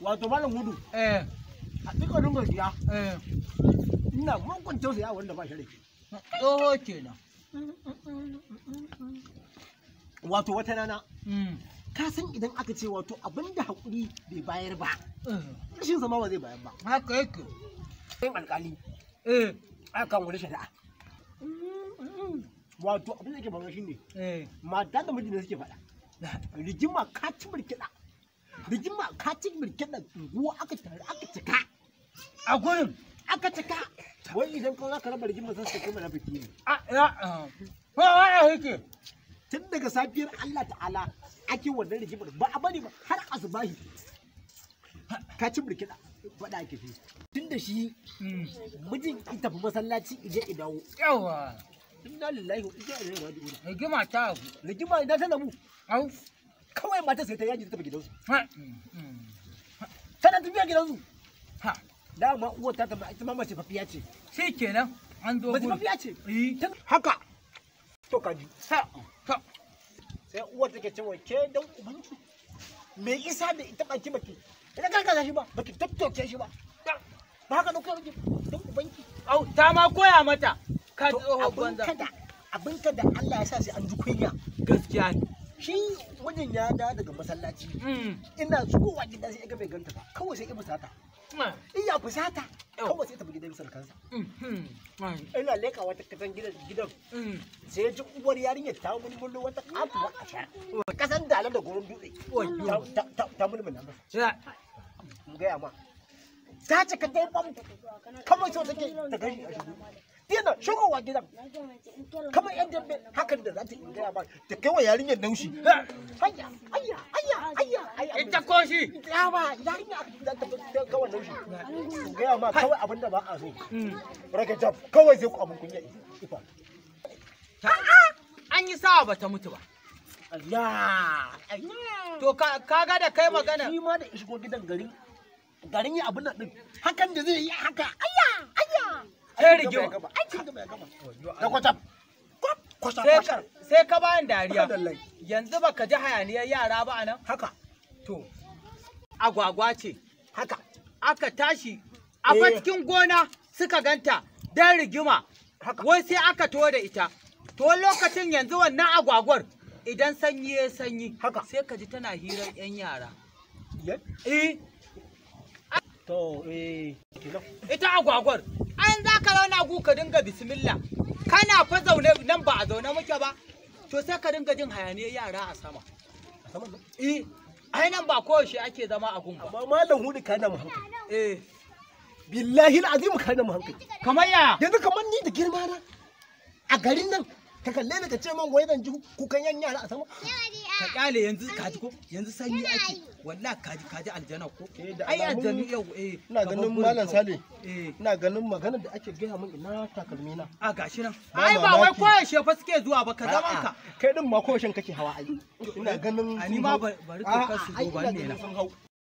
wato malam hudu eh a cikin gaskiya eh ina tausa tausaya wanda ba sharafi tsoho kenan wato wata rana hmm. ka san idan aka ce wato abinda hakuri bai bayar ba eh. rashin zama ba zai bayar ba haka yake yin alƙali eh akan wani shari'a wato abin da ke faruwa shine eh. mata da miji ne suke faɗa rigima ka ci birkiɗa ka katin mulkin nan unguwa aka tare aka cika a gurin aka cika wai idan ka za ka raba rigima sai kai mana biki ne a ya ko wai yake tun daga safiyar Allah ta'ala ake wannan rigimar ba a bari ba har asubahi katin mulkin faɗa ake fi tun da shi hmm. mijin ki tafi masallaci ije idawo yawa inna lillahi wa inna ilaihi raji'un rigima ta rigima idan ta lamu kawai mata sai ta yaji ta tafi ta gidansu hmm, hmm. tana ha da ma uwar ta ta ita ma mace fafiya ce shi kenan an zo mace fafiya ce eh. haka to ka ji sa ka sai uwar take cewa ke dan ubanki me isa da ita baki baki ina karkasa shi ba baki tattoke shi ba ba haka nuka yake dan ubanki au ta ma koya mata ka tsohon banza abinka da Allah ya sa sai an ji kunya gaskiya shi mijin ya da daga masallaci mm. ina zuwa gida sai ga bai ganta ba kawai sai ya fusata mm. iya fusata kawai sai mm-hmm. ta gidan sarkansa ina leka wata kasan gidan gidan mm. sai ya ji uwar yarinya ta mulmulo wata katuwa a sha kasan dalar da gurin dutse ta nan masa mu gaya ma ta cika dai bam kamar sau take ta gani a dina shigowa gidan kamar yan dambe hakan da za ta yi gaya ba ta kai wa yarinyar naushi hayya hayya hayya hayya ita ko shi ya ba yarinya za ta kai wa naushi gaya ma kawai abin da ba a so hmm. kawai zai ku kunya ifa an yi sawa ba ta mutu ba to ka ga da kai magana shi ma da gidan garin garin yi abin nan din hakan da zai yi haka sai rigima ka bayan dariya yanzu baka ji hayaniyar yara ba anan haka to agwagwa ce haka aka tashi a eh. cikin gona suka ganta don rigima wai sai aka to da ita to lokacin yanzu wannan agwagwar idan sanyi ya sanyi sai ka ji tana hirar 'yan yara eh To eh ita agwagwar an za ka zauna gu ka dinga bismillah kana fa zaune nan ba a zaune muke ba to sai ka dinga jin hayaniyar yara a sama. Eh ai nan ba koyaushe ake zama a gun ba. Amma malam hudu ka na hankali. Eh billahi alazim ka na hankali. Kamar ya? Yanzu kamar ni da girma na a garin nan ka kalle ni ka ce man wai zan ji kukan yan yara a sama ka kyale yanzu kaji ko yanzu sanyi ake wallahi kaji kaji aljana ko eh, ai aljanu yau eh ina ganin malam sale eh. ina ganin maganar da ake gaya min ina takalmi na a gashi nan ai ba wai koyaushe fa suke zuwa ba ka zaman ka kai din ma koshin kake hawa ai ina ganin ani ma bari ka kasu gobe ne na